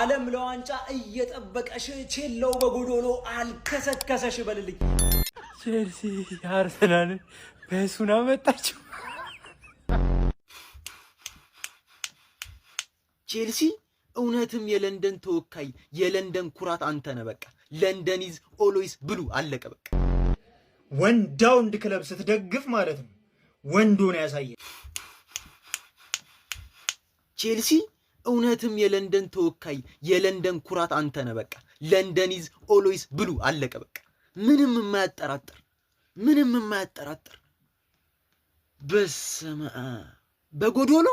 ዓለም ለዋንጫ እየጠበቀሽ ቼላው በጎዶሎ አልከሰከሰሽ በልልኝ። ቼልሲ አርሰናል በሱን አመጣችው። ቼልሲ እውነትም የለንደን ተወካይ የለንደን ኩራት አንተ ነህ። በቃ ለንደን ኢዝ ኦልዌይስ ብሉ አለቀ። በቃ ወንዳውንድ ክለብ ስትደግፍ ማለት ነው ወንዶን ያሳየ ቼልሲ እውነትም የለንደን ተወካይ የለንደን ኩራት አንተ ነህ። በቃ ለንደን ኢዝ ኦልዌይስ ብሉ አለቀ። በቃ ምንም የማያጠራጥር ምንም የማያጠራጥር በስመ አብ በጎዶሎ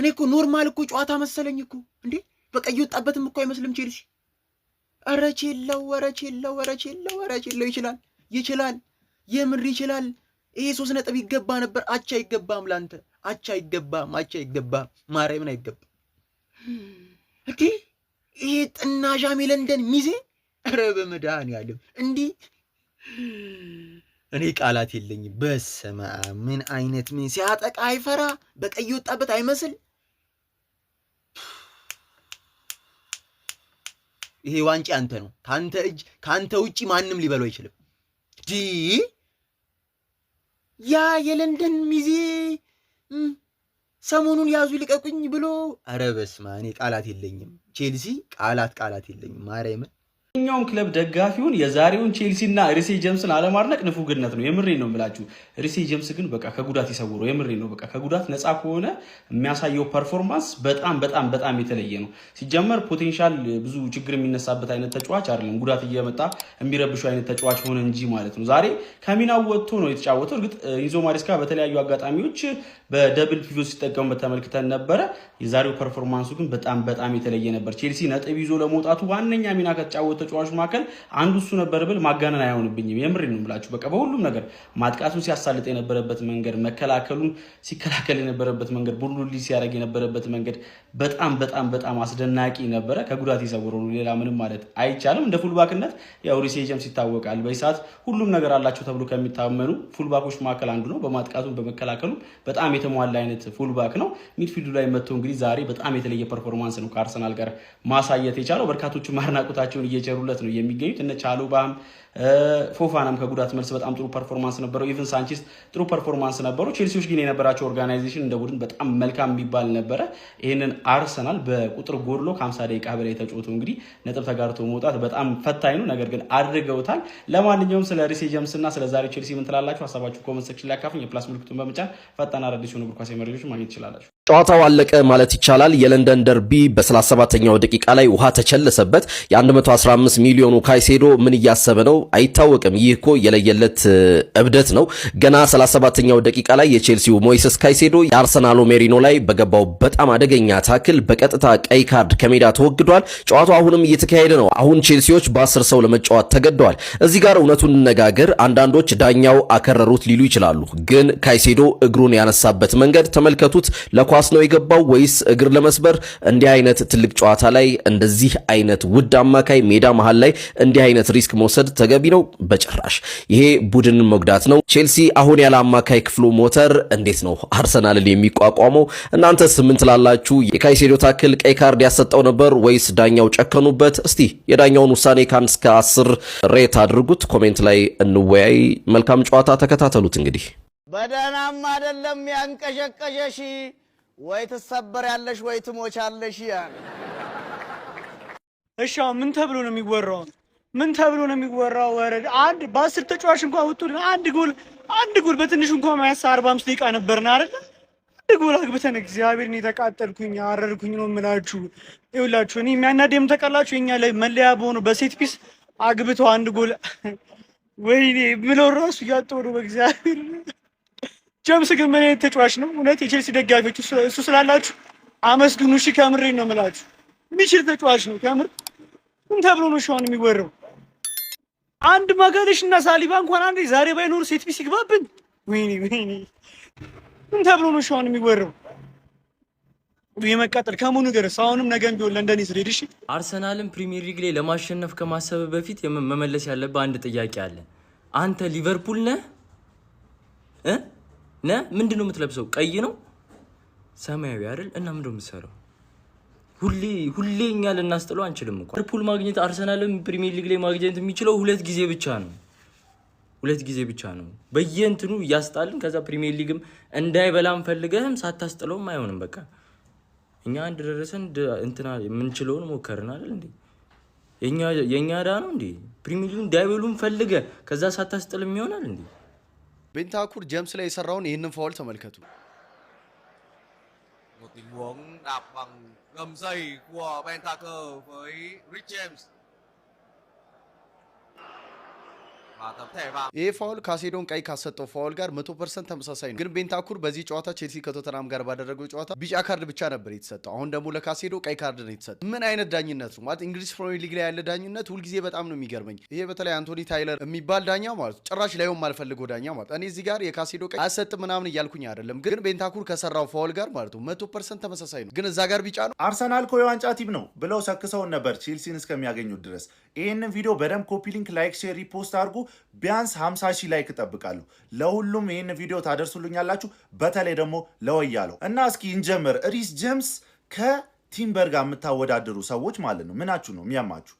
እኔ እኮ ኖርማል እኮ ጨዋታ መሰለኝ እኮ እንዴ በቃ እየወጣበትም እኮ አይመስልም ቼልሲ። ኧረ ቼለው ኧረ ቼለው ኧረ ቼለው ኧረ ቼለው ይችላል ይችላል፣ የምር ይችላል። ይሄ ሶስት ነጥብ ይገባ ነበር። አቻ አይገባም ላንተ አቻ አይገባም፣ አቻ አይገባም፣ ማርያምን አይገባም። hmm. እንዴ ይሄ ጥናዣም የለንደን ሚዜ ኧረ ያለም እንዲህ እኔ ቃላት የለኝም። በስመ አብ ምን አይነት ምን ሲያጠቃ አይፈራ በቀይ የወጣበት አይመስል ይሄ ዋንጫ አንተ ነው። ካንተ እጅ ካንተ ውጪ ማንም ሊበለው አይችልም። ዲ ያ የለንደን ሚዜ ሰሞኑን ያዙ ይልቀቁኝ ብሎ ኧረ በስመ አብ እኔ ቃላት የለኝም። ቼልሲ ቃላት ቃላት የለኝም ማርያምን የኛውም ክለብ ደጋፊውን የዛሬውን ቼልሲና ሪሴ ጀምስን አለማድነቅ ንፉግነት ነው። የምሬ ነው የምላችሁ። ሪሴ ጀምስ ግን በቃ ከጉዳት ይሰውረው። የምሬ ነው በቃ ከጉዳት ነፃ ከሆነ የሚያሳየው ፐርፎርማንስ በጣም በጣም በጣም የተለየ ነው። ሲጀመር ፖቴንሻል ብዙ ችግር የሚነሳበት አይነት ተጫዋች አይደለም። ጉዳት እየመጣ የሚረብሹ አይነት ተጫዋች ሆነ እንጂ ማለት ነው። ዛሬ ከሚናው ወጥቶ ነው የተጫወተው። እርግጥ ኢንዞ ማሪስካ በተለያዩ አጋጣሚዎች በደብል ፒቪ ሲጠቀሙበት ተመልክተን ነበረ። የዛሬው ፐርፎርማንሱ ግን በጣም በጣም የተለየ ነበር። ቼልሲ ነጥብ ይዞ ለመውጣቱ ዋነኛ ሚና ከተጫወተ ተጫዋቾች መካከል አንዱ እሱ ነበር ብል ማጋነን አይሆንብኝም። የምሬ ነው የምላችሁ። በቃ በሁሉም ነገር ማጥቃቱን ሲያሳልጥ የነበረበት መንገድ፣ መከላከሉን ሲከላከል የነበረበት መንገድ፣ ቡሉሊ ሲያደርግ የነበረበት መንገድ በጣም በጣም በጣም አስደናቂ ነበረ። ከጉዳት ይሰውረ ሌላ ምንም ማለት አይቻልም። እንደ ፉልባክነት ያው ሪሴ ጀምስ ይታወቃል። በዚህ ሰዓት ሁሉም ነገር አላቸው ተብሎ ከሚታመኑ ፉልባኮች መካከል አንዱ ነው። በማጥቃቱን በመከላከሉ በጣም የተሟላ አይነት ፉልባክ ነው። ሚድፊልዱ ላይ መጥቶ እንግዲህ ዛሬ በጣም የተለየ ፐርፎርማንስ ነው ከአርሰናል ጋር ማሳየት የቻለው በርካቶቹ ማድናቆታቸውን እየጀ እየተቸሩለት ነው የሚገኙት። እነ ቻሉባም ፎፋናም ከጉዳት መልስ በጣም ጥሩ ፐርፎርማንስ ነበረው። ኢቨን ሳንቺስ ጥሩ ፐርፎርማንስ ነበረው። ቼልሲዎች ግን የነበራቸው ኦርጋናይዜሽን እንደ ቡድን በጣም መልካም የሚባል ነበረ። ይህንን አርሰናል በቁጥር ጎድሎ ከ50 ደቂቃ በላይ ተጫውቶ እንግዲህ ነጥብ ተጋርቶ መውጣት በጣም ፈታኝ ነው፣ ነገር ግን አድርገውታል። ለማንኛውም ስለ ሪሴ ጀምስ እና ስለ ዛሬ ቼልሲ ምን ትላላችሁ? ሀሳባችሁ ኮመንት ሴክሽን ላይ ያካፍኝ። የፕላስ ምልክቱን በመጫን ፈጣን አዳዲስ የሆኑ እግር ኳስ መረጃዎች ማግኘት ትችላላችሁ። ጨዋታው አለቀ ማለት ይቻላል። የለንደን ደርቢ በ37ኛው ደቂቃ ላይ ውሃ ተቸለሰበት የ115 25 ሚሊዮኑ ካይሴዶ ምን እያሰበ ነው አይታወቅም። ይህ እኮ የለየለት እብደት ነው። ገና 37ኛው ደቂቃ ላይ የቼልሲው ሞይሰስ ካይሴዶ የአርሰናሉ ሜሪኖ ላይ በገባው በጣም አደገኛ ታክል በቀጥታ ቀይ ካርድ ከሜዳ ተወግዷል። ጨዋታው አሁንም እየተካሄደ ነው። አሁን ቼልሲዎች በአስር ሰው ለመጫወት ተገደዋል። እዚህ ጋር እውነቱን እንነጋገር፣ አንዳንዶች ዳኛው አከረሩት ሊሉ ይችላሉ። ግን ካይሴዶ እግሩን ያነሳበት መንገድ ተመልከቱት። ለኳስ ነው የገባው ወይስ እግር ለመስበር? እንዲህ አይነት ትልቅ ጨዋታ ላይ እንደዚህ አይነት ውድ አማካይ ሜዳ መሀል ላይ እንዲህ አይነት ሪስክ መውሰድ ተገቢ ነው? በጭራሽ። ይሄ ቡድን መጉዳት ነው። ቼልሲ አሁን ያለ አማካይ ክፍሉ ሞተር እንዴት ነው አርሰናልን የሚቋቋመው? እናንተ ስምንት ላላችሁ የካይሴዶ ታክል ቀይ ካርድ ያሰጠው ነበር ወይስ ዳኛው ጨከኑበት? እስቲ የዳኛውን ውሳኔ ከአንድ እስከ አስር ሬት አድርጉት። ኮሜንት ላይ እንወያይ። መልካም ጨዋታ ተከታተሉት። እንግዲህ በደህናም አይደለም ያንቀሸቀሸሽ ወይ ትሰበር ያለሽ ወይ ትሞቻለሽ ያ እሺ አሁን ምን ተብሎ ነው የሚወራው? ምን ተብሎ ነው የሚወራው? ወረድ አንድ በአስር ተጫዋች እንኳን ወጥቶ አንድ ጎል አንድ ጎል በትንሹ እንኳን ማያሳ 45 ደቂቃ ነበርና አይደል? አንድ ጎል አግብተን እግዚአብሔር ነው የተቃጠልኩኝ፣ አረርኩኝ ነው የምላችሁ። ይኸውላችሁ እኔ የሚያናደም ተቀላችሁ የኛ ላይ መለያ በሆነው በሴት ፒስ አግብቶ አንድ ጎል ወይኔ ምለው ራሱ እያጠሩ በእግዚአብሔር ጀምስ ግን ምን አይነት ተጫዋች ነው እውነት? የቼልሲ ደጋፊዎች እሱ ስላላችሁ አመስግኑ። እሺ ከምሬ ነው የምላችሁ፣ የሚችል ተጫዋች ነው ከምር ምን ተብሎ ነው አሁን የሚወረው? አንድ መገደሽ እና ሳሊባ እንኳን አንዴ ዛሬ ባይኖር ሴት ቢስ ይግባብን። ወይኔ ወይኔ፣ ምን ተብሎ ነው አሁን የሚወራው? የመቃጠል ከሙኑ ገረስ አሁንም ነገም ቢሆን ለንደን ይስሬድ። እሺ አርሰናልን ፕሪሚየር ሊግ ላይ ለማሸነፍ ከማሰብ በፊት መመለስ ያለብህ አንድ ጥያቄ አለ። አንተ ሊቨርፑል ነህ እ ነህ ምንድን ነው የምትለብሰው? ቀይ ነው ሰማያዊ አይደል? እና ምንድን ነው የምትሰራው? ሁሌ ሁሌ እኛ ልናስጥለው አንችልም እኮ ሊቨርፑል ማግኘት አርሰናልም ፕሪሚየር ሊግ ላይ ማግኘት የሚችለው ሁለት ጊዜ ብቻ ነው። ሁለት ጊዜ ብቻ ነው። በየእንትኑ እያስጣልን ከዛ ፕሪሚየር ሊግም እንዳይበላም ፈልገህም ሳታስጥለውም አይሆንም። በቃ እኛ አንድ ደረሰን እንትና የምንችለውን ሞከርን አይደል እንዴ? የእኛ ዳ ነው እንዴ? ፕሪሚየር ሊግ እንዳይበሉም ፈልገ ከዛ ሳታስጥልም ይሆናል እንዴ? ቤንታኩር ጀምስ ላይ የሰራውን ይህንን ፋውል ተመልከቱ። cầm giày của Ben Tucker với Rich James ይህ ፋውል ካሴዶን ቀይ ካሰጠው ፋውል ጋር መቶ ፐርሰንት ተመሳሳይ ነው። ግን ቤንታኩር በዚህ ጨዋታ ቼልሲ ከቶተናም ጋር ባደረገው ጨዋታ ቢጫ ካርድ ብቻ ነበር የተሰጠው። አሁን ደግሞ ለካሴዶ ቀይ ካርድ ነው የተሰጠው። ምን አይነት ዳኝነት ነው ማለት? እንግሊዝ ፕሪሚየር ሊግ ላይ ያለ ዳኝነት ሁልጊዜ በጣም ነው የሚገርመኝ። ይሄ በተለይ አንቶኒ ታይለር የሚባል ዳኛ ማለት ጭራሽ ላይሆን ማልፈልጎ ዳኛ ማለት እኔ እዚህ ጋር የካሴዶ ቀይ አሰጥ ምናምን እያልኩኝ አይደለም፣ ግን ቤንታኩር ከሰራው ፋውል ጋር ማለት ነው መቶ ፐርሰንት ተመሳሳይ ነው። ግን እዛ ጋር ቢጫ ነው። አርሰናል ኮ የዋንጫ ቲም ነው ብለው ሰክሰውን ነበር ቼልሲን እስከሚያገኙት ድረስ። ይህንን ቪዲዮ በደንብ ኮፒ ሊንክ፣ ላይክ፣ ሼር፣ ሪፖስት አድርጉ። ቢያንስ 50 ሺህ ላይክ እጠብቃለሁ። ለሁሉም ይህን ቪዲዮ ታደርሱልኛላችሁ። በተለይ ደግሞ ለወያለው እና እስኪ እንጀምር። ሪስ ጀምስ ከቲምበር ጋር የምታወዳድሩ ሰዎች ማለት ነው ምናችሁ ነው የሚያማችሁ?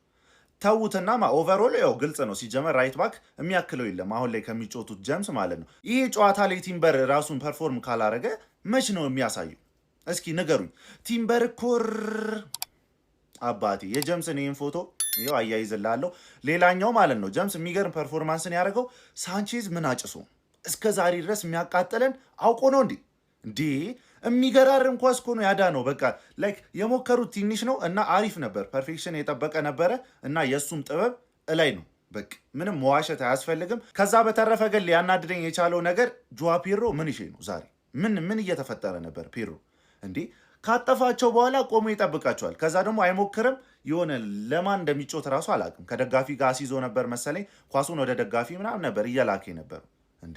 ተዉትና ኦቨሮል ያው ግልጽ ነው። ሲጀመር ራይት ባክ የሚያክለው የለም አሁን ላይ ከሚጮቱት ጀምስ ማለት ነው። ይህ ጨዋታ ላይ ቲምበር ራሱን ፐርፎርም ካላረገ መች ነው የሚያሳየው? እስኪ ንገሩኝ። ቲምበር ኮር አባቴ የጀምስን ይህን ፎቶ ይኸው አያይዝላለሁ። ሌላኛው ማለት ነው ጀምስ የሚገርም ፐርፎርማንስን ያደረገው ሳንቼዝ ምን አጭሶ እስከ ዛሬ ድረስ የሚያቃጠለን አውቆ ነው እንዴ? እንዴ የሚገራርም ኳስ እኮ ያዳ ነው። በቃ ላይክ የሞከሩት ትንሽ ነው እና አሪፍ ነበር። ፐርፌክሽን የጠበቀ ነበረ እና የእሱም ጥበብ እላይ ነው። በቃ ምንም መዋሸት አያስፈልግም። ከዛ በተረፈ ግን ሊያናድደኝ የቻለው ነገር ጆዋ ፒሮ ምን ይሽ ነው ዛሬ ምን ምን እየተፈጠረ ነበር? ፒሮ እንዴ ካጠፋቸው በኋላ ቆሞ ይጠብቃቸዋል። ከዛ ደግሞ አይሞክርም። የሆነ ለማን እንደሚጮት ራሱ አላውቅም። ከደጋፊ ጋር አስይዞ ነበር መሰለኝ። ኳሱን ወደ ደጋፊ ምናምን ነበር እየላከ ነበር እንዴ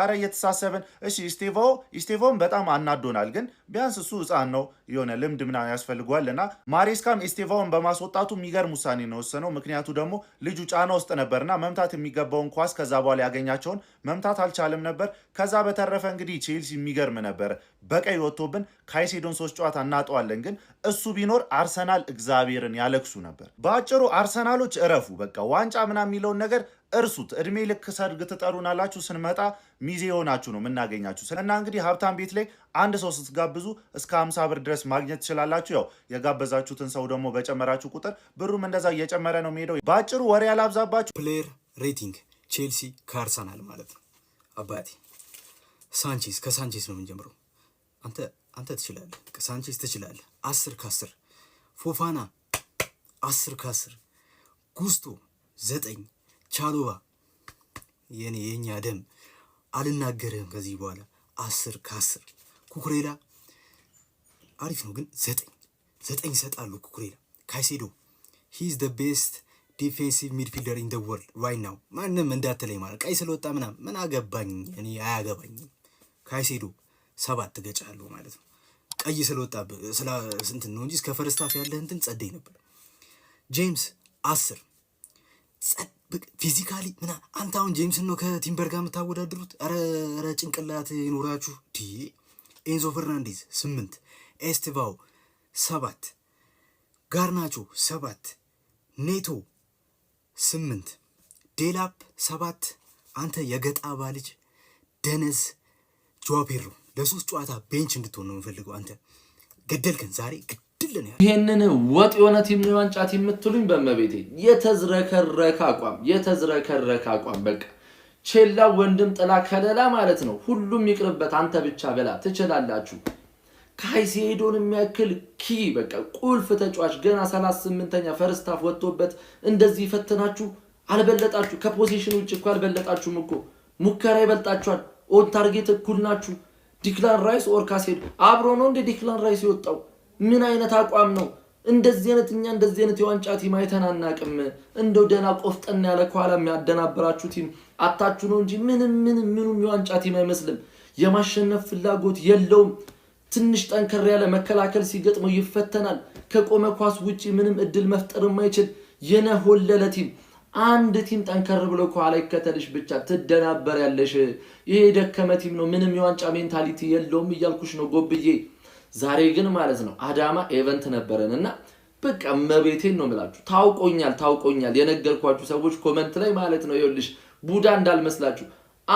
አረ እየተሳሰብን እሺ። ስቴቮ ስቴቮን በጣም አናዶናል፣ ግን ቢያንስ እሱ ህፃን ነው የሆነ ልምድ ምናምን ያስፈልገዋል። እና ማሬስካም ኢስቴቫውን በማስወጣቱ የሚገርም ውሳኔ ነው ወሰነው። ምክንያቱ ደግሞ ልጁ ጫና ውስጥ ነበርና መምታት የሚገባውን ኳስ ከዛ በኋላ ያገኛቸውን መምታት አልቻለም ነበር። ከዛ በተረፈ እንግዲህ ቼልሲ የሚገርም ነበር። በቀይ ወጥቶብን ካይሴዶን ሶስት ጨዋታ እናጠዋለን፣ ግን እሱ ቢኖር አርሰናል እግዚአብሔርን ያለክሱ ነበር። በአጭሩ አርሰናሎች እረፉ፣ በቃ ዋንጫ ምናምን የሚለውን ነገር እርሱት። እድሜ ልክ ሰርግ ትጠሩን አላችሁ፣ ስንመጣ ሚዜ የሆናችሁ ነው የምናገኛችሁ። ስለና እንግዲህ ሀብታም ቤት ላይ አንድ ሰው ስትጋብዙ እስከ ሀምሳ ብር ድረስ ማግኘት ትችላላችሁ። ያው የጋበዛችሁትን ሰው ደግሞ በጨመራችሁ ቁጥር ብሩም እንደዛ እየጨመረ ነው የሚሄደው። በአጭሩ ወሬ ያላብዛባችሁ። ፕሌየር ሬቲንግ ቼልሲ ከአርሰናል ማለት ነው። አባቴ ሳንቼዝ ከሳንቼዝ ነው የምንጀምረው። አንተ አንተ ትችላለህ፣ ከሳንቼዝ ትችላለህ። አስር ከአስር ፎፋና አስር ከአስር ጉስቶ ዘጠኝ ቻሉባ የኔ የኛ ደም አልናገርህም ከዚህ በኋላ አስር ከአስር ኩኩሬላ አሪፍ ነው ግን ዘጠኝ ዘጠኝ ይሰጣሉ ኩኩሬላ ካይሴዶ ሂዝ ደ ቤስት ዲፌንሲቭ ሚድፊልደር ኢን ደ ወርልድ ራይት ናው ማንም እንዳትለኝ ማለት ቀይ ስለወጣ ምናምን ምን አገባኝ እኔ አያገባኝም ካይሴዶ ሰባት ገጫሉ ማለት ነው ቀይ ስለወጣ ስንትን ነው እንጂ እስከ ፈርስታፍ ያለህ እንትን ጸደኝ ነበር ጄምስ አስር ፊዚካሊ ምና አንተ አሁን ጄምስን ነው ከቲምበር ጋር የምታወዳድሩት? ኧረ ጭንቅላት ይኖራችሁ። ዲ ኤንዞ ፈርናንዴዝ ስምንት፣ ኤስቲቫው ሰባት፣ ጋርናቾ ሰባት፣ ኔቶ ስምንት፣ ዴላፕ ሰባት። አንተ የገጣ ባልጅ ደነዝ ጆዋ ፔድሮ ለሶስት ጨዋታ ቤንች እንድትሆን ነው የምፈልገው። አንተ ገደልከን ዛሬ ይሄንን ነው። ይህንን ወጥ የሆነ ቲም ለማንጫት የምትሉኝ በመቤቴ የተዝረከረከ አቋም የተዝረከረከ አቋም በቃ ቼላ ወንድም ጥላ ከለላ ማለት ነው። ሁሉም ይቅርበት፣ አንተ ብቻ በላ ትችላላችሁ። ካይሴዶን የሚያክል ኪ በቃ ቁልፍ ተጫዋች ገና 38ኛ ፈርስታፍ ወጥቶበት እንደዚህ ፈተናችሁ። አልበለጣችሁ ከፖዚሽን ውጭ እኮ አልበለጣችሁም እኮ ሙከራ ይበልጣችኋል። ኦን ታርጌት እኩል ናችሁ። ዲክላን ራይስ ኦር ካይሴዶ አብሮ ነው እንደ ዲክላን ራይስ የወጣው ምን አይነት አቋም ነው? እንደዚህ አይነት እኛ እንደዚህ አይነት የዋንጫ ቲም አይተን አናቅም። እንደው ደህና ቆፍጠን ያለ ከኋላ የሚያደናበራችሁ ቲም አታችሁ ነው እንጂ ምንም ምንም ምኑም የዋንጫ ቲም አይመስልም። የማሸነፍ ፍላጎት የለውም። ትንሽ ጠንከር ያለ መከላከል ሲገጥመው ይፈተናል። ከቆመ ኳስ ውጪ ምንም እድል መፍጠር የማይችል የነሆለለ ቲም። አንድ ቲም ጠንከር ብሎ ከኋላ ይከተልሽ ብቻ ትደናበር ያለሽ። ይሄ ደከመ ቲም ነው፣ ምንም የዋንጫ ሜንታሊቲ የለውም እያልኩሽ ነው ጎብዬ ዛሬ ግን ማለት ነው አዳማ ኤቨንት ነበረን እና በቃ መቤቴን ነው ምላችሁ። ታውቆኛል ታውቆኛል የነገርኳችሁ ሰዎች ኮመንት ላይ ማለት ነው ይኸውልሽ፣ ቡዳ እንዳልመስላችሁ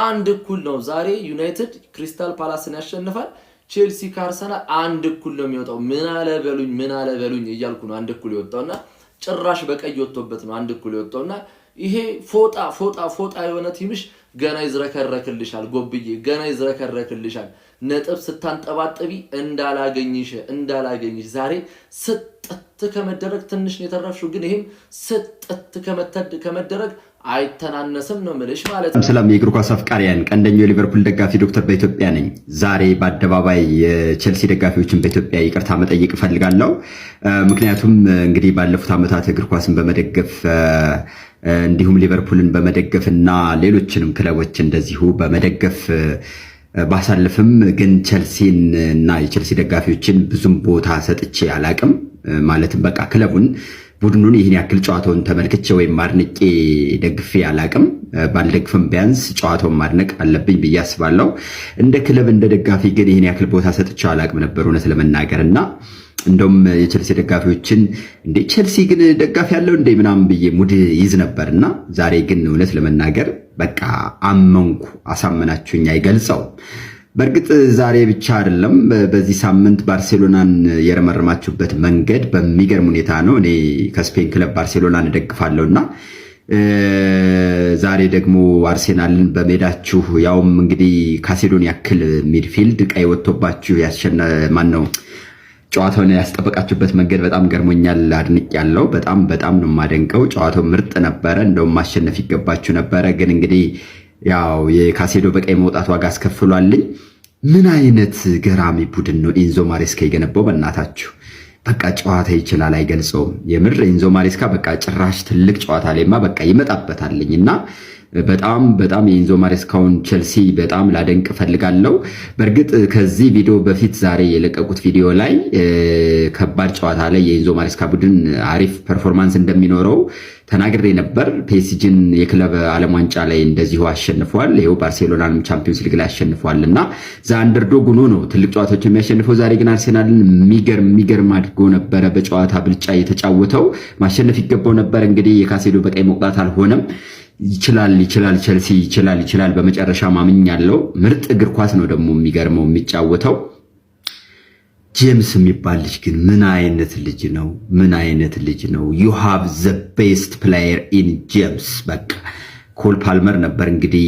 አንድ እኩል ነው። ዛሬ ዩናይትድ ክሪስታል ፓላስን ያሸንፋል፣ ቼልሲ ከአርሰናል አንድ እኩል ነው የሚወጣው። ምን አለ በሉኝ፣ ምን አለ በሉኝ እያልኩ ነው አንድ እኩል የወጣውና ጭራሽ በቀይ ወጥቶበት ነው አንድ እኩል የወጣውና ይሄ ፎጣ ፎጣ ፎጣ የሆነ ቲምሽ ገና ይዝረከረክልሻል፣ ጎብዬ ገና ይዝረከረክልሻል። ነጥብ ስታንጠባጥቢ እንዳላገኝሽ እንዳላገኝሽ ዛሬ ስጥት ከመደረግ ትንሽ ነው የተረፍሽው፣ ግን ይህም ስጥት ከመደረግ አይተናነስም ነው ምልሽ ማለት ነው። ሰላም የእግር ኳስ አፍቃሪያን፣ ቀንደኛው የሊቨርፑል ደጋፊ ዶክተር በኢትዮጵያ ነኝ። ዛሬ በአደባባይ የቼልሲ ደጋፊዎችን በኢትዮጵያ ይቅርታ መጠየቅ እፈልጋለሁ። ምክንያቱም እንግዲህ ባለፉት ዓመታት እግር ኳስን በመደገፍ እንዲሁም ሊቨርፑልን በመደገፍ እና ሌሎችንም ክለቦች እንደዚሁ በመደገፍ ባሳልፍም ግን ቸልሲን እና የቸልሲ ደጋፊዎችን ብዙም ቦታ ሰጥቼ አላቅም። ማለትም በቃ ክለቡን ቡድኑን ይህን ያክል ጨዋታውን ተመልክቼ ወይም አድንቄ ደግፌ አላቅም። ባልደግፍም ቢያንስ ጨዋታውን ማድነቅ አለብኝ ብዬ አስባለሁ። እንደ ክለብ እንደ ደጋፊ ግን ይህን ያክል ቦታ ሰጥቸው አላቅም ነበር እውነት ለመናገር እና እንደውም የቸልሲ ደጋፊዎችን እንደ ቸልሲ ግን ደጋፊ ያለው እንደ ምናምን ብዬ ሙድ ይዝ ነበር እና ዛሬ ግን እውነት ለመናገር በቃ አመንኩ። አሳመናችሁኝ አይገልጸው። በእርግጥ ዛሬ ብቻ አይደለም። በዚህ ሳምንት ባርሴሎናን የረመረማችሁበት መንገድ በሚገርም ሁኔታ ነው። እኔ ከስፔን ክለብ ባርሴሎናን እደግፋለሁ እና ዛሬ ደግሞ አርሴናልን በሜዳችሁ ያውም እንግዲህ ካሴዶን ያክል ሚድፊልድ ቀይ ወጥቶባችሁ ያሸነ ማን ነው ጨዋታውን ያስጠበቃችሁበት መንገድ በጣም ገርሞኛል። አድንቅ ያለው በጣም በጣም ነው የማደንቀው። ጨዋታው ምርጥ ነበረ። እንደውም ማሸነፍ ይገባችሁ ነበረ። ግን እንግዲህ ያው የካሴዶ በቀይ መውጣት ዋጋ አስከፍሏልኝ። ምን አይነት ገራሚ ቡድን ነው ኢንዞ ማሬስካ የገነባው? በእናታችሁ በቃ ጨዋታ ይችላል አይገልጸውም። የምር ኢንዞ ማሬስካ በቃ ጭራሽ ትልቅ ጨዋታ ላይማ በቃ ይመጣበታልኝ እና በጣም በጣም የኢንዞ ማሬስካውን ቼልሲ በጣም ላደንቅ ፈልጋለሁ። በእርግጥ ከዚህ ቪዲዮ በፊት ዛሬ የለቀቁት ቪዲዮ ላይ ከባድ ጨዋታ ላይ የኢንዞ ማሬስካ ቡድን አሪፍ ፐርፎርማንስ እንደሚኖረው ተናግሬ ነበር። ፔሲጅን የክለብ ዓለም ዋንጫ ላይ እንደዚሁ አሸንፏል። ይኸው ባርሴሎናንም ቻምፒዮንስ ሊግ ላይ አሸንፏል እና ዘአንደርዶግ ጉኖ ነው ትልቅ ጨዋታዎች የሚያሸንፈው። ዛሬ ግን አርሴናልን የሚገርም የሚገርም አድርጎ ነበረ በጨዋታ ብልጫ የተጫወተው። ማሸነፍ ይገባው ነበር። እንግዲህ የካሴዶ በቀይ መቁጣት አልሆነም። ይችላል ይችላል ቸልሲ ይችላል ይችላል። በመጨረሻ ማምኝ ያለው ምርጥ እግር ኳስ ነው ደግሞ የሚገርመው የሚጫወተው ጄምስ የሚባል ልጅ ግን ምን አይነት ልጅ ነው? ምን አይነት ልጅ ነው? ዩ ሃቭ ዘ ቤስት ፕላየር ኢን ጄምስ። በቃ ኮል ፓልመር ነበር እንግዲህ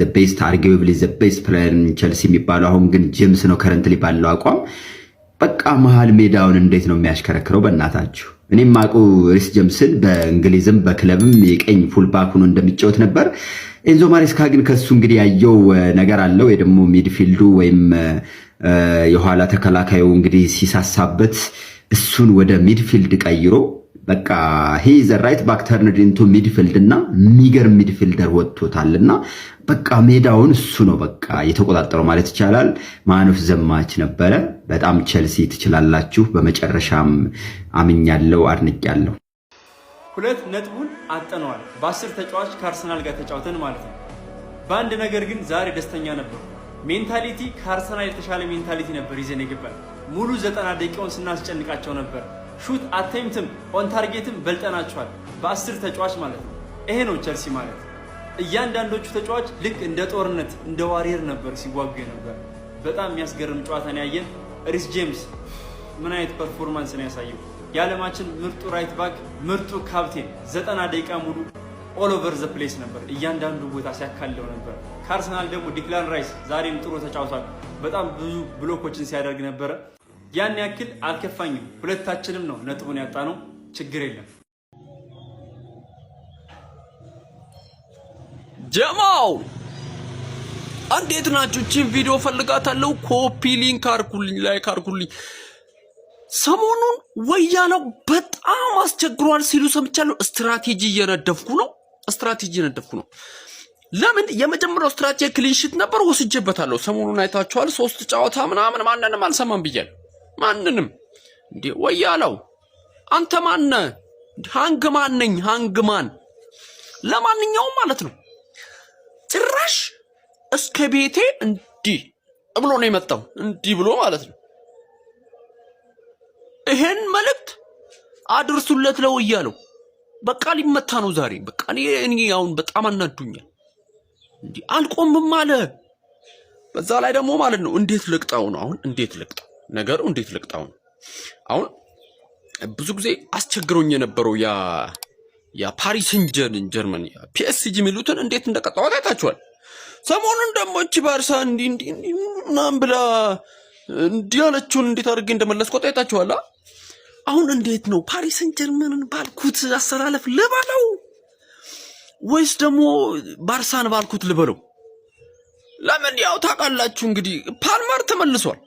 ዘ ቤስት አርጊብሊ ዘ ቤስት ፕላየር ኢን ቸልሲ የሚባለው አሁን ግን ጄምስ ነው ከረንትሊ ባለው አቋም። በቃ መሀል ሜዳውን እንዴት ነው የሚያሽከረክረው በእናታችሁ። እኔም ማቁ ሪስ ጀምስን በእንግሊዝም በክለብም የቀኝ ፉልባክ ሆኖ እንደሚጫወት ነበር። ኤንዞ ማሬስካ ግን ከሱ እንግዲህ ያየው ነገር አለው ወይ ደግሞ ሚድፊልዱ ወይም የኋላ ተከላካዩ እንግዲህ ሲሳሳበት እሱን ወደ ሚድፊልድ ቀይሮ በቃ ሂ ዘ ራይት ባክ ተርንድ ኢንቱ ሚድፊልድ እና ሚገርም ሚድፊልደር ወጥቶታል። እና በቃ ሜዳውን እሱ ነው በቃ የተቆጣጠረው ማለት ይቻላል። ማኖፍ ዘማች ነበረ። በጣም ቼልሲ ትችላላችሁ። በመጨረሻም አምኛለው፣ አድንቄያለሁ። ሁለት ነጥቡን አጠነዋል። በአስር ተጫዋች ከአርሰናል ጋር ተጫውተን ማለት ነው። በአንድ ነገር ግን ዛሬ ደስተኛ ነበር። ሜንታሊቲ ከአርሰናል የተሻለ ሜንታሊቲ ነበር ይዘን የገባል። ሙሉ ዘጠና ደቂቃውን ስናስጨንቃቸው ነበር። ሹት አቴምትም ኦን ታርጌትም በልጠናቸዋል። በአስር ተጫዋች ማለት ነው። ይሄ ነው ቸልሲ ማለት። እያንዳንዶቹ ተጫዋች ልክ እንደ ጦርነት እንደ ዋሪየር ነበር ሲዋጉ ነበር። በጣም የሚያስገርም ጨዋታን ያየን። ሪስ ጄምስ ምን አይነት ፐርፎርማንስ ነው ያሳየው? የዓለማችን ምርጡ ራይት ባክ፣ ምርጡ ካፕቴን ዘጠና ደቂቃ ሙሉ ኦል ኦቨር ዘ ፕሌስ ነበር። እያንዳንዱ ቦታ ሲያካለው ነበር። ከአርሰናል ደግሞ ዲክላን ራይስ ዛሬም ጥሩ ተጫውቷል። በጣም ብዙ ብሎኮችን ሲያደርግ ነበረ። ያን ያክል አልከፋኝም። ሁለታችንም ነው ነጥቡን ያጣ ነው፣ ችግር የለም። ጀማው እንዴት ናችሁ? እችን ቪዲዮ ፈልጋታለሁ። ኮፒ ሊንክ አርኩልኝ፣ ላይክ አርኩልኝ። ሰሞኑን ወያኔው በጣም አስቸግሯል ሲሉ ሰምቻለሁ። ስትራቴጂ እየነደፍኩ ነው፣ ስትራቴጂ እየነደፍኩ ነው። ለምን የመጀመሪያው ስትራቴጂ ክሊንሽት ነበር፣ ወስጄበታለሁ። ሰሞኑን አይታችኋል። ሶስት ጨዋታ ምናምን ማንንም አልሰማም ብያለሁ። ማንንም እንዴ ወያለው አንተ ማነ ሃንግማን ነኝ ሃንግማን ለማንኛውም ማለት ነው ጭራሽ እስከ ቤቴ እንዲህ ብሎ ነው የመጣው እንዲህ ብሎ ማለት ነው ይሄን መልእክት አድርሱለት ለወያለው በቃ ሊመታ ነው ዛሬ በቃ እኔ አሁን በጣም አናዱኛል እንዲህ አልቆምም አለ በዛ ላይ ደግሞ ማለት ነው እንዴት ልቅጣው ነው አሁን እንዴት ልቅጣው ነገሩ እንዴት ነው? አሁን ብዙ ጊዜ አስቸግሮኝ የነበረው ያ የፓሪስን ጀርመን ፒኤስጂ የሚሉትን እንዴት እንደቀጣዋት አይታችኋል። ሰሞኑን ደግሞ እቺ ባርሳ እንዲህ እንዲህ ምናምን ብላ እንዲህ ያለችውን እንዴት አድርጌ እንደመለስ አይታችኋላ። አሁን እንዴት ነው ፓሪስን ጀርመንን ባልኩት አሰላለፍ ልበለው ወይስ ደግሞ ባርሳን ባልኩት ልበለው? ለምን ያው ታውቃላችሁ እንግዲህ ፓልማር ተመልሷል።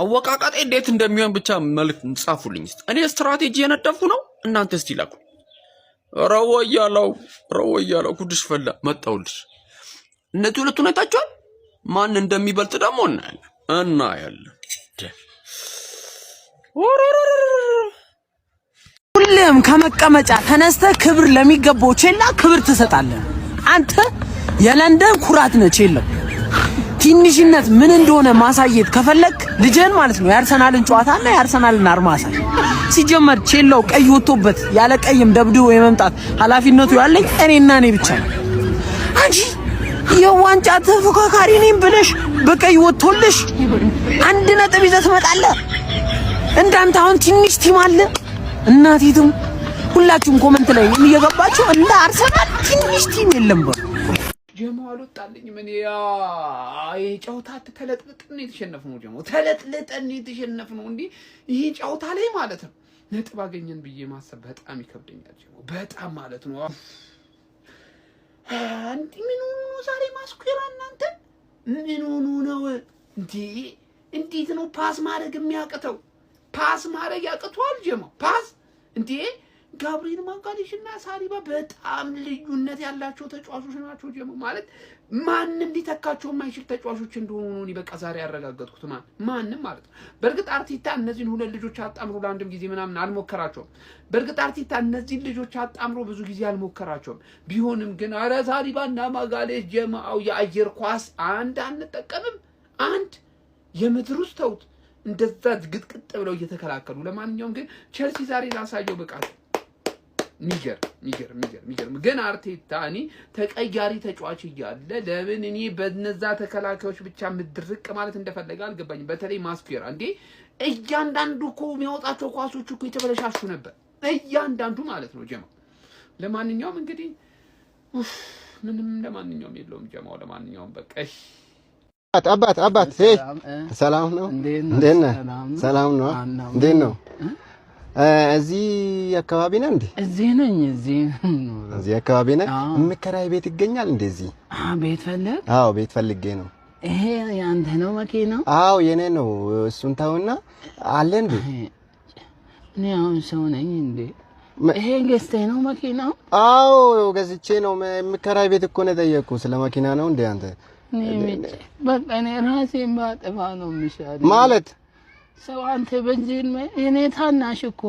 አወቃቀጤ እንዴት እንደሚሆን ብቻ መልክ ጻፉልኝ። እኔ ስትራቴጂ የነደፉ ነው፣ እናንተ እስቲ ላኩ። ረወ እያለው ረወ እያለው ጉድሽ ፈላ መጣውልሽ። እነዚህ ሁለቱን አይታችኋል። ማን እንደሚበልጥ ደግሞ እናያለን እናያለን። ሁሌም ከመቀመጫ ተነስተ ክብር ለሚገባው ቼላ ክብር ትሰጣለን። አንተ የለንደን ኩራት ነች የለም ትንሽነት ምን እንደሆነ ማሳየት ከፈለክ ልጅን ማለት ነው የአርሰናልን ጨዋታና የአርሰናልን አርማ አሳይ። ሲጀመር ቼላው ቀይ ወጥቶበት ያለ ቀይም ደብድቦ የመምጣት ኃላፊነቱ ያለኝ እኔና እኔ ብቻ ነው። አንቺ የዋንጫ ተፎካካሪ ነኝ ብለሽ በቀይ ወጥቶልሽ አንድ ነጥብ ይዘህ ትመጣለህ። እንዳንተ አሁን ትንሽ ቲም አለ። እናቴትም ሁላችሁም ኮመንት ላይ እየገባችሁ እንደ አርሰናል ትንሽ ቲም የለም በሉ ጀማ አልወጣልኝም። ምን ያ የጨዋታ ተለጥልጠን የተሸነፍነው ጀሞ ተለጥልጠን የተሸነፍነው እንዲህ ይሄ ጨዋታ ላይ ማለት ነው ነጥብ አገኘን ብዬ ማሰብ በጣም ይከብደኛል። ጀሞ በጣም ማለት ነው አንቲ ምን ነው ዛሬ ማስኩራ እናንተ ምን ሆኖ ነው እንዲ እንዴት ነው ፓስ ማድረግ የሚያቅተው? ፓስ ማድረግ ያቅቷል ጀሞ ፓስ እንዴ ጋብሪኤል ማጋሊሽ እና ሳሪባ በጣም ልዩነት ያላቸው ተጫዋቾች ናቸው። ጀሞ ማለት ማንም ሊተካቸው የማይችል ተጫዋቾች እንደሆኑ እኔ በቃ ዛሬ ያረጋገጥኩት ማን ማንም ማለት ነው። በእርግጥ አርቲታ እነዚህን ሁለት ልጆች አጣምሮ ለአንድም ጊዜ ምናምን አልሞከራቸውም። በእርግጥ አርቲታ እነዚህን ልጆች አጣምሮ ብዙ ጊዜ አልሞከራቸውም። ቢሆንም ግን አረ ሳሪባ እና ማጋሌሽ ጀማው የአየር ኳስ አንድ አንጠቀምም፣ አንድ የምድር ውስጥ ተውት እንደዛ ግጥቅጥ ብለው እየተከላከሉ። ለማንኛውም ግን ቸልሲ ዛሬ ላሳየው ብቃት ሚገርም ሚገርም ሚገርም ግን አርቴታ እኔ ተቀያሪ ተጫዋች እያለ ለምን እኔ በነዛ ተከላካዮች ብቻ ምድርቅ ማለት እንደፈለገ አልገባኝም። በተለይ ማስኩዌራ እንዴ እያንዳንዱ እኮ የሚያወጣቸው ኳሶች እኮ የተበለሻሹ ነበር፣ እያንዳንዱ ማለት ነው። ጀማ ለማንኛውም እንግዲህ ምንም ለማንኛውም የለውም ጀማው። ለማንኛውም በቃ አባት አባት ሰላም ነው። እንዴት ነው? ሰላም ነው። እንዴት ነው እዚህ አካባቢ ነህ እንዴ? እዚህ ነኝ። እዚህ እዚህ አካባቢ ነህ? የምከራይ ቤት ይገኛል እንዴ? እዚህ ቤት ፈልግ? አዎ ቤት ፈልጌ ነው። ይሄ ያንተ ነው መኪናው? አዎ የኔ ነው። እሱን ተውና፣ አለ እንዴ? እኔ አሁን ሰው ነኝ እንዴ? ይሄ ገዝተህ ነው መኪናው? አዎ ገዝቼ ነው። የምከራይ ቤት እኮ ነው የጠየኩህ። ስለ መኪና ነው እንዴ አንተ? በቃ እኔ ራሴን ባጠፋ ነው የሚሻለው ማለት ሰው አንተ በዚህ እድሜ እኔ ታናሽ እኮ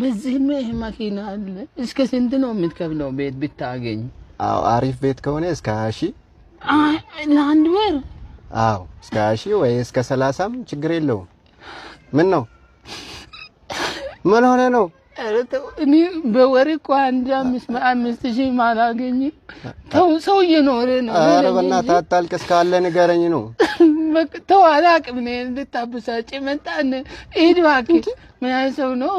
በዚህ እድሜ ይሄ መኪና አለ። እስከ ስንት ነው የምትከፍለው? ቤት ብታገኝ፣ አሪፍ ቤት ከሆነ እስከ ሀያ ሺህ ለአንድ ወር፣ አዎ እስከ ሀያ ወይ እስከ ሰላሳም ችግር የለውም። ምን ነው ምን ሆነ ነው? እኔ በወር እኮ አንድ አምስት አምስት ሺ ማላገኝ ሰው እየኖረ ነው። ኧረ በእናትህ አታልቅስ፣ ካለ ንገረኝ ነው ተው አላቅም። እኔ እንድታበሳጭ መጣን። ሂድ እባክህ። ምን አይነት ሰው ነው?